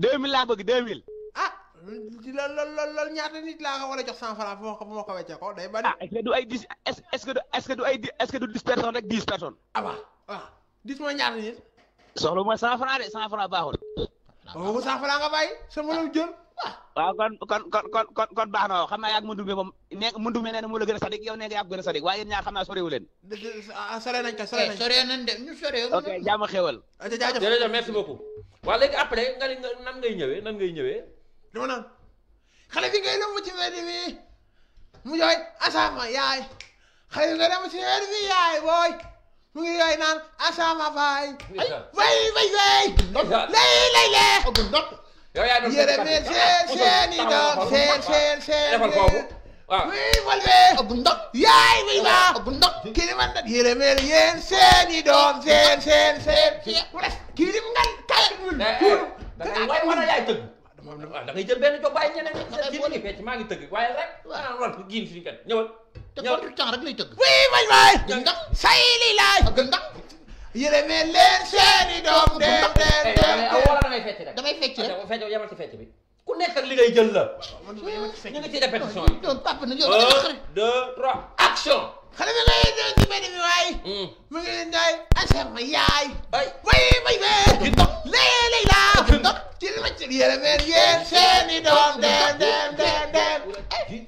de loolu laa bëgg deux ah loolu loolu ñaata laa ko war a jox cent franc foo ko ko wecce ko day bari. ah est du ay du est du ay rek dix personnes. ah waaw soxla mooy cent franc de cent franc baaxul. waaw cent franc nga bàyyi sama la jël. waaw kon kon kon kon kon baax na xam naa yaa ngi mëntu bi moom nee mëntu bi nee na moo la gën a sadik yow nee nga yaa ko a sadik waaye yéen ñaar naa sorewu leen. Ah, sore nañ ko sore eh, sore nañ de ñu sore. ok jàmm xéwal. Ah, jaajëf jërëjëf merci beaucoup. waaw léegi après nga nan ngay nan ngay ñëwee. dama naan xale bi ngay lëmm ci mi mu jooy asaama yaay xale bi mi yaay booy. mu ngi yooyu naan asama faay. fay fay fay. lay lay lee. yow seen seen i doom seen seen seen. defal da yërëmee yéen seen i doom seen seen seen. kilim ngal kayit. da ngay waay wala yaay tëgg. Ah, ah, da ngay jël benn jox bàyyi ñeneen ñi. maa ngi tëgg waaye rek. waaw loolu giin suñu te contre temps rek lay tëgg. wii bañ waay. gën ndax say lii laay. gën ndax. yërëme leen seeni doom. dem dem dem wala damay fecc rek. damay fecc rek fecc yemal ci fecc bi. ku nekk ak li ngay jël la. ñu ngi ci répétition bi. donc papa nag yow un deux trois action. xale bi ngay jël ci benn bi waay. mu ngi leen di asar ma yaay. ay way bay bee. gën ndax lee lay laa. gën ndax ci li ma ci yërëme leen seeni doom. dem dem dem dem.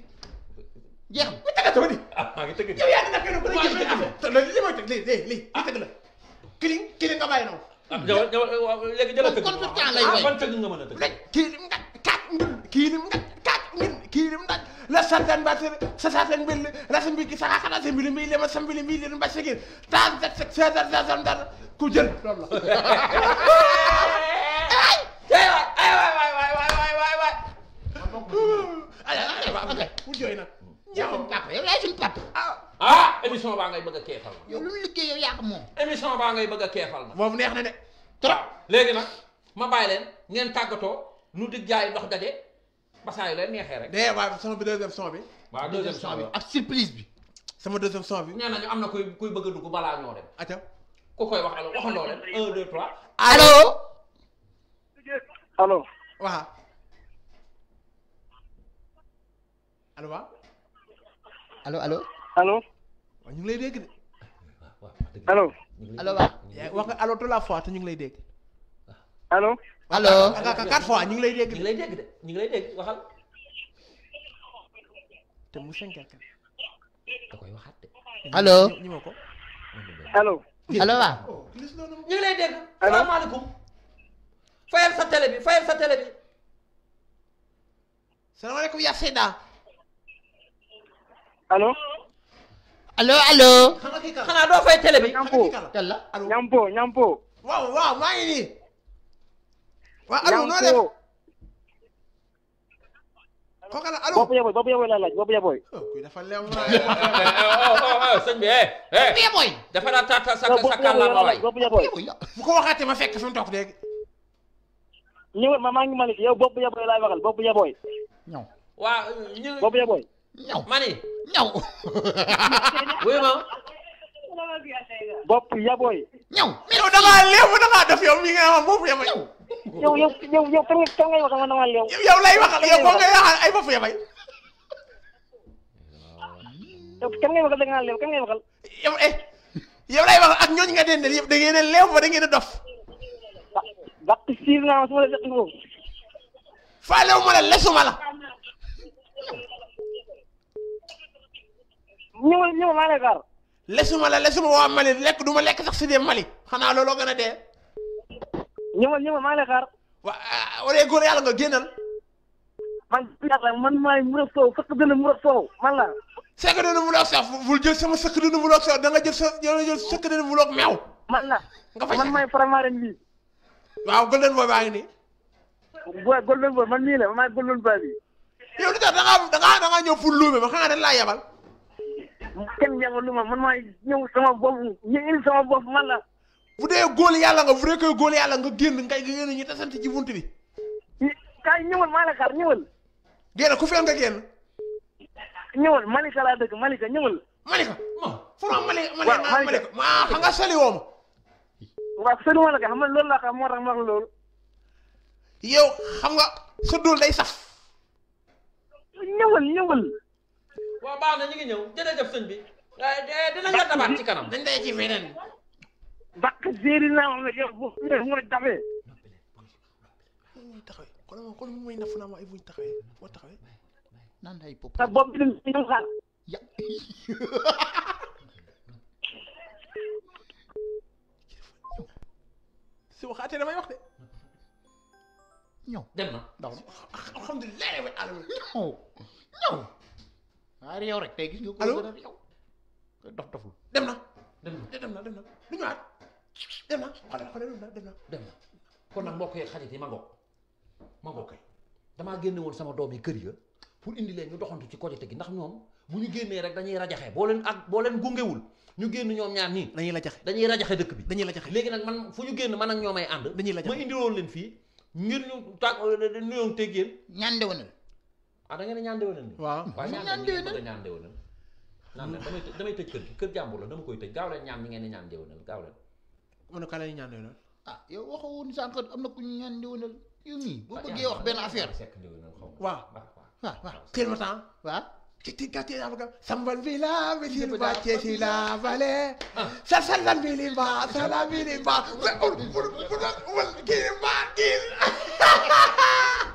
jeex bu tëggatoo di. ah maa ngi tëgg yow yaa ngi nag yow. maa ngi tëgg yow li li mooy tëgg lii lii lii tëgg la. kiling kiling nga bàyyi noonu. ah jaww jaww waaw léegi jëla tëgg. kon kon temps lay bay ah ban tëgg nga mën a tëgg. kii lim nga kaat mbir kii lim nga kaat mbir kii lim nga la sardan ba tere sa sardan mbir la sa mbir ki sa xaxala sa mbir mi lema sa mbir mi leen ba sigir taan dat sa sa dat sa dat ku jël loolu la. ay ay waay waay waay waay waay waay waay. waaw ok ku jooy nag. yow suñu papa yow ah. papa. ah émission baa ngay bëgg a keefal ma. yow lu liggéey yow yaa ko moom. émission baa ngay bëgg a keefal ma. moom neex na de trop. léegi nag ma bàyyi leen ngeen tàggatoo nu di jaay ndox daje ba saa yu leen neexee rek. de waaw sama bi deuxième son bi. waaw deuxième son bi ak surprise bi. sama deuxième son bi. na nañu am na kuy kuy bëgg a dugg balaa ñoo dem. atiwa ku koy wax allo waxandoo leen. un deux trois. allo. allo. waaw. allo waaw. alo alo alo waaw ñu ngi lay dégg de. allo. allo waaw. wax nga allo toute la fois te ñu ngi lay dégg. allo. allo ka quatre fois ñu ngi lay dégg. ñu lay dégg de ñu ngi lay dégg waxal. te mu sëñ ka koy waxaat de. allo. allo. allo waaw. ñu ngi lay dégg. allo salaamaaleykum. fayal sa télé bi fayal sa télé bi. salaamaaleykum yaa Seyda. allo. allo allo. xanaa doo fay télé bi. ñampo ñampo waaw waaw maa ngi nii. waaw allo noo def. yaboy bopp yaboy laa laaj yaboy. Oh, dafa oh, bi eh. eh. bopp yaboy. dafa yaboy bu fekk fi ma ngi Malick yaboy. ñaw ma ni ñaw. wuy ma. bopp yaboy. ñaw yow da ngaa léew da ngaa def yow nga xam bopp yaboy. yow lay waxal yow ko ngay waxal ay bopp yaboy. yow kan ngay da ngaa léew kan ngay waxal. yow eh yow lay waxal ak ñooñu nga dendal yëpp da ngeen a léew fa da a dof. ba ba siir naa ma su ñëwal ñëwal maa lay gar. lesuma la lesuma waa Mali lekk duma ma lekk sax si dee Mali xanaa looloo gën a dee. ñëwal ñëwal maa lay wa ah, wala góor yàlla nga génnal. man yàlla man maay mu rëb soow sëkk dënn mu rëb soow man la. sëkk dënn mu rëb soow bul jël sama sëkk dënn mu rëb soow da nga sa da nga jël sëkk dënn mu rëb meew. man la nga fay man maay faramaaren bi. waaw golden boy baa ngi nii. bu golden boy man nii la man maay golden boy bi. yow li tax da ngaa da ngaa ñëw luume ma xanaa dañ laa yabal. kenn jàngalu ma man maay ñëw sama bopp ñu sama bopp man la. bu dee góol yàlla nga bu dee koy góol yàlla nga génn ngay génn ñu tasante ci bunt bi. kaay maa la xaar ñëwal. génn ku feeñ nga génn. ñëwal Malika laa dëkk Malika ñëwal. Malika non furoo Malika. Malika maa xam nga sali woo ma. waaw sali ma la kay moo tax ma loolu. yow xam nga sa day saf. ñëwal ñëwal. waaw baax na ñu ngi ñëw jërëjëf sëñ bi eh, eh, dinañ la dabaat ci kanam dañ lay ci feneen bàq séeri naa wax ne yow boo mooy dafee muy taxawee kon moom kon moom mooy nafu naa ma ay muy taxawee foo taxawee naan lay bopp sa bopp bi dañ ñëw xaar ya si waxaatee damay wax de ñëw dem na daw na alhamdulilah wa alam ñëw ñëw ah réew rek tey gis nga. allo ku a réew dof doful. dem na dem na dem na dem na du ñëwaat dem na dem na dem kon nag mbokk yi xarit yi ma ngoog ma ngoog kay damaa génne woon sama doom yi kër ya pour indi leen ñu doxantu ci kojate gi ndax ñoom bu ñu génnee rek dañuy rajaxe boo leen ak boo leen gungewul ñu génn ñoom ñaar nii. dañuy rajaxe dañuy rajaxe dëkk bi. dañuy rajaxe léegi nag man fu ñu génn man ak ñoomay ànd. dañuy rajaxe ma indiloon leen fii ngir ñu tàgg nuyoo teggeel. ñaan de woon ah da ngeen a ñaan déwénal ni waaw waaye ñaan déwénal bëgg a ñaan déwénal naan leen damay damay tëj kër gi kër jàmbur la dama koy tëj gaaw leen ñaan ñi ngeen di ñaan déwénal gaaw leen mën a ka lay ñaan déwénal ah yow waxoon sànq am na ku ñu ñaan déwénal yow mii boo bëggee wax benn affaire sekk déwénal xaw waaw waaw waaw teel ma temps waaw Titi kati afrika sambal bila misil ba chesi la vale sa salan bili ba salan bili ba sa ul ul ul ul ul ul ul ul ul ul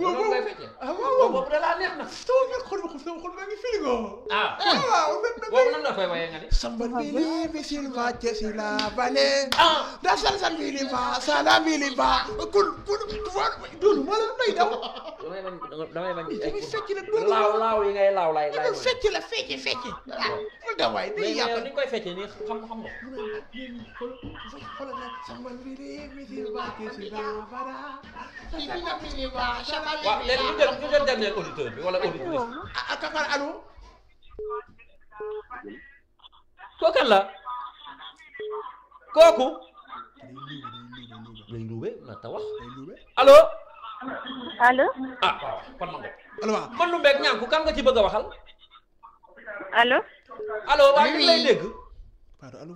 waaw boobu ngay feccee. ah waaw boobu da laa neex na. sama biir xol bi sama xol baa ngi fili ko. ah waaw boobu nan la koy waye nga ni. sambal bi ni bisil ma cesi la bale. ah da salsal bi ni ma sala bi ni ma. kun kun tuwaar doon moo la may daw. damay bañ damay bañ. damay fecc la doon laaw laaw yi ngay laaw laay laay. fecc la fecce fecce. waaw man da waay day yàq. mais ni koy fecce ni xam xam nga. sambal bi ni bisil ma cesi la bala. sambal bi ni ma waaw léegi ñu jël ñu jël dernier auditeur bi wala auditrice ah kakar allo kooku kan la kooku day luube na ta wax allo allo ah waaw kon ma ngoog allo waaw man lu mbeeg ñànku kan nga ci bëgg a waxal allo allo waa ñu lay dégg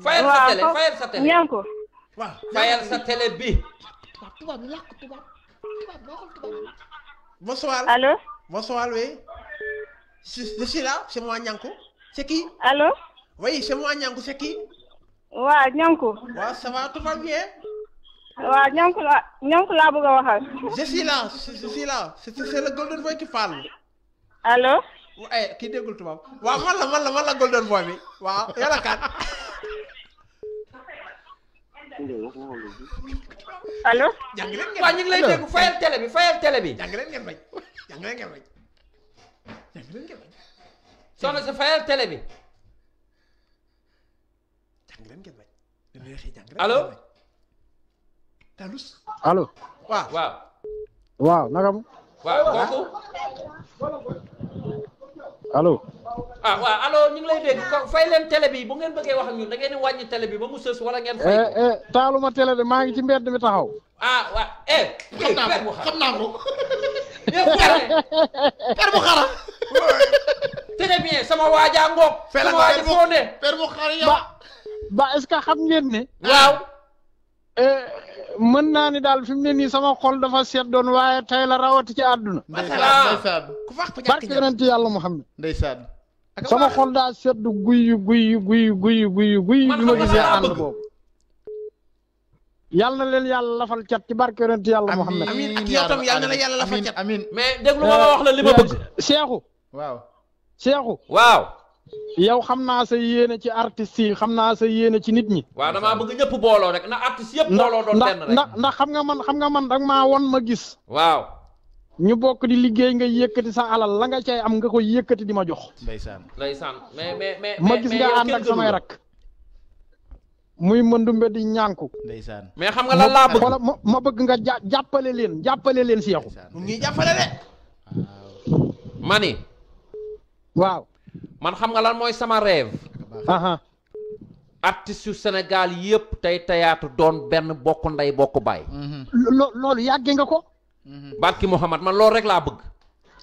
fayal sa télé fayal sa télé ñànku waaw fayal sa télé bi tubaab tubaab làkk tubaab tubaab boo xam tubaab Bonsoir. Allô? Bonsoir, oui. Je, je suis là, c'est moi Nyanko. C'est qui? Allô? Oui, c'est moi Nyanko, c'est qui? waaw Nyanko. waaw bien. waaw Nyanko la Nyanko laa bëgg a waxal. je golden boy qui parle. allo. eh man la man la golden boy bi waaw allo. jàng waaw ñu bi fayal télé bi. jàng leen ngeen bañ jàng waaw waaw. allo. ah waaw allo ñu ngi lay dégg fay leen télé bi bu ngeen bëggee wax ak ñun da ngeen di wàññi tele bi ba mu sës wala ngeen. fay eh, eh, taaluma télé de maa ngi ci mbedd mi taxaw. ah waaw eh. per bu xara. très bien sama waajaa ngoog. sama waaji foo ba ba est xam ngeen ne. Eh, mën naa ni daal fi mu ne nii sama xol dafa seddoon waaye tey la rawati ci àdduna. ndeysaan ku faax ku barke yonent yàlla Muhammad ndeysaan sama xol daa sedd guy guy guy guy guy guy bi ma gisee ànd boobu. yàlla na leen yàlla lafal cat ci barke yonent yàlla Muhammad. amiin ak yow tam yàlla na la yàlla lafal cat amiin mais déglu ma wax la li ma eh, bëgg. Seexu waaw Seexu waaw. yow xam naa sa yéene ci artist yi xam naa sa yéene ci nit ñi. waaw damaa bëgg ñëpp booloo rek na artistes yëpp. booloo doon benn ndax ndax xam nga man xam nga man danga maa won ma gis. waaw. ñu bokk di liggéey nga yëkkati sa alal la nga cay am nga ko yëkkati di ma jox. ndeysaan ndeysaan mais mais mais ma gis nga ànd ak samay rak. muy mën mëndumbe di ñànku. ndeysaan mais xam nga lan laa bëgg. ma ma bëgg nga ja jàppale leen jàppale leen si yow. mu ngi jàppale de. mani. waaw. man xam nga lan mooy sama rêve. artistes senegaal Sénégal yëpp tey tayaatu doon benn bokk ndey bokk baay. loolu yàggee nga ko. barki Mouhamad man loolu rek laa bëgg.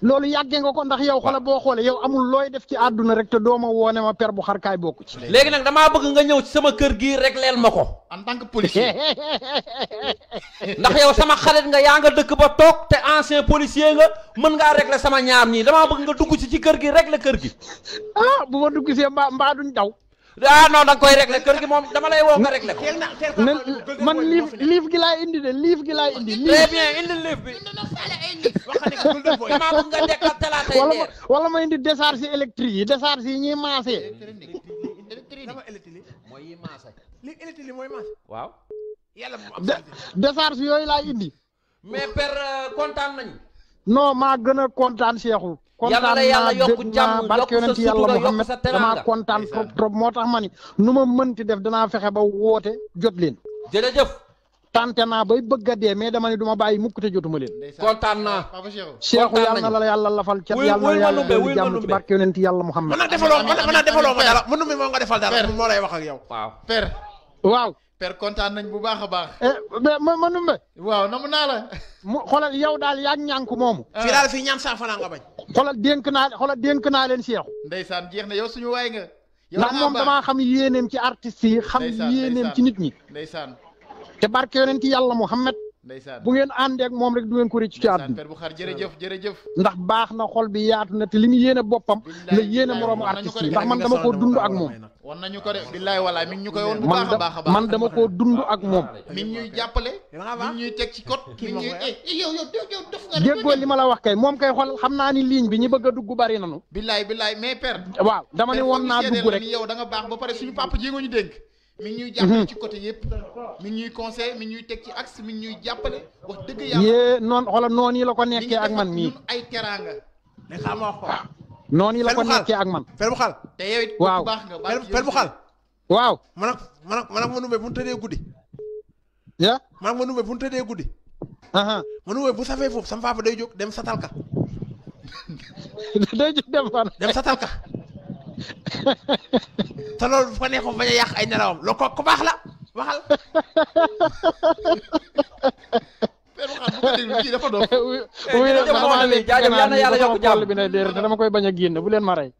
loolu yàggee nga ko ndax yow xoola boo xoolee yow amul looy def ci àdduna rek te dooma woone ma per bu xarkaay bokku ci léegi nag dama bëgg nga ñëw ci sama kër gi régleel ma ko en tant que policier ndax yow sama xarit nga yaa nga dëkk ba toog te ancien policier nga mën ngaa régler sama ñaar ñii dama bëgg nga dugg ci ci kër gi régler kër gi ah bu ma dugg see mbaa duñ daw ah non da nga koy régler kër moom dama lay woo nga régler ko. man liif liif gi laay indi de liif gi laay indi. liif très bien indi liif bi. damaa yi leer. wala ma indi décharge électrique yi décharge yi ñuy maase. mooy maase. li électrique mooy waaw. yàlla mu am yooyu laay indi. mais per euh, kontaan nañu. non maa gën a kontaan Cheikhou. yàlla na yàlla yokk jàmm yokk sa sutura yokk sa kontaan trop trop moo tax ma ni nu ma mënti def danaa fexe ba woote jot leen. jërëjëf. tante naa bay bëgg a dee mais dama duma du ma bàyyi mukk te jotuma leen. kontaan naa. Cheikhou yàlla na la yàlla lafal cat yàlla na yàlla lafal jàmm ci barke yàlla Muhammad. mën naa defaloo mën naa defaloo ma dara mën na nga defal dara. yow. waaw waaw. père kontaan nañ bu baax a baax. Eh, mais ma ma numbe. waaw namu naa la. mu xoolal yow daal yaa ngi moomu. Ah. fi daal fii ñaan saafara nga bañ xoolal dénk naa xoolal dénk naa leen Seexu. ndeysaan jeex na yow suñu waay nga. ndax moom damaa xam yéeneem ci artistes yi. xam yéeneem ci nit ñi. ndeysaan te barke yonent yàlla Muhammad bu ngeen àndeek moom rek du ngeen ko rëccu ci àdduna jërëjëf jërëjëf ndax baax na xol bi yaatu na te li mu yéene boppam la yéene moroomu artiste yi ndax man dama koo dund ak moom wan nañu ko de billaay walaay mi ngi ñu koy woon bu baax a a dama koo dund ak moom mi ngi ñuy jàppale mi ci kot mi eh, eh, yow yow yow def déggoo li ma la wax kay moom kay xol xam naa ni ligne bi ñu bëgg dugg bari nanu billaay billaay mais père waaw dama ne woon naa dugg rek yow da nga baax ba pare suñu papa ji nga ñu dénk mi ngi ñuy mhm. jàppale ci côté yëpp. mi ñuy conseil mi ñuy teg ci axe mi ñuy jàppale wax dëgg yàlla. yee noonu yi la ko nekkee ak man mii. ay teraanga. ne xam yi la ko nekkee ak man. fer bu xal te yow it nga. waaw fer bu xal. waaw man ak man ak ma numbe bu ñu tëddee guddi. ya man bu ñu guddi. ma bu safee foofu sam papa day jóg dem satal ka. day jóg dem fan. dem satal ka. te loolu bu ko neexoon bañ a yàq ay nelawam loo ko ku baax la waxal. dama koy bañ a génn bu leen ma rey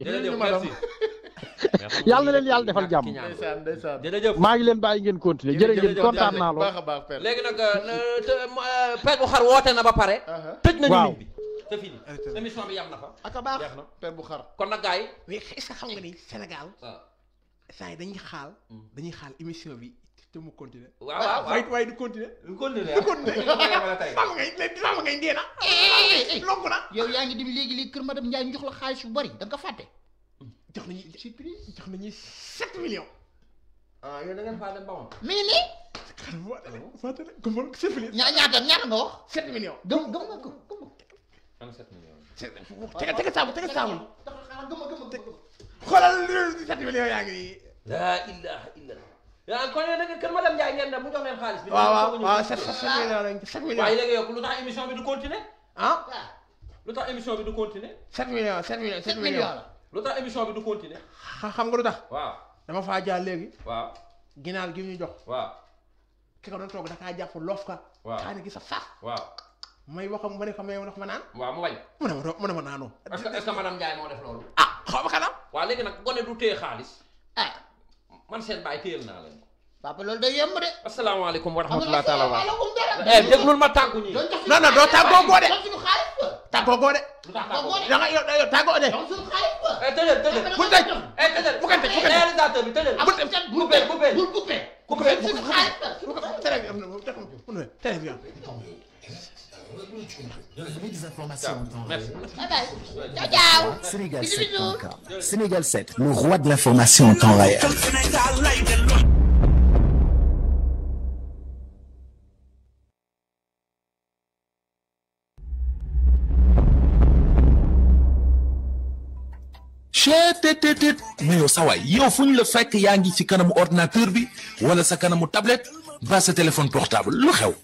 yàlla na leen yàlla defal jàmm maa ngi leen bàyyi ngeen continuer jërë ngeen kontaan naa lool léegi nag Pekh euh, Okhar woote na ba pare tëj nañu ligne bi c'est fini émission bi yam na fa. a baax bu xar. kon nag gars yi. xam nga ni Sénégal. waaw ah. saa yi dañuy xaal. Hmm. dañuy xaal émission bi te mu continuer. waaw waaw waaye waaye du continuer. du continuer du continuer. sàmm ngay sàmm ngay dee na. lonku na. yow yaa ngi dem léegi léegi kër madame Ndiaye ñu jox la xaalis bu bari da nga fàtte. jox nañu surprise jox nañu 7 ah, da ngeen ba woon. mais nii. xanaa bu ma demee bu ma demee. ñaata ñaata nga am 7 millions. teg teg saabu teg saabu. xoolal lu 7 millions yaa ngi nii. laa ilaaha illallah. ah kon nag kër madame Ndiaye ngeen ne mu jox leen xaalis bi. waaw waaw waaw 7 millions 7 millions. waaye léegi yow lu tax émission bi du continuer. ah lu tax émission bi du continuer. 7 millions 7 millions 7 millions. lu tax émission bi du continuer. xam nga lu tax. waaw dama faa jaar léegi. waaw ginaar gi ñu jox. waaw ki ko doon toog da kaa jàpp loof ka. waaw xaaral gi sa sax. waaw. may wax ma ne ma naan. mu ne ma mu ah xaw ma xanaa. waaw léegi gone du téye xaalis. ah man seen baay téyel naa leen. papa loolu day yemb de. asalaamaaleykum wa rahmatulah taala wa. Eh, eh déglul ma tàggu ñi. non non doo tàggoo de. tàggoo goo de. da nga yow tàggoo de. Eh, tëjal tëjal bu tëj. Eh, tëjal bu ko tëj bu ko tëj. réalisateur Donnez des informations en temps réel. Bye bye. Sénégal 7.com. Sénégal 7, le roi de l'information en temps réel. cheet teet teet teet mais yow sawaay yow fu ñu la fekk yaa ngi ci kanamu ordinateur bi wala sa kanamu tablette ba sa téléphone portable lu xew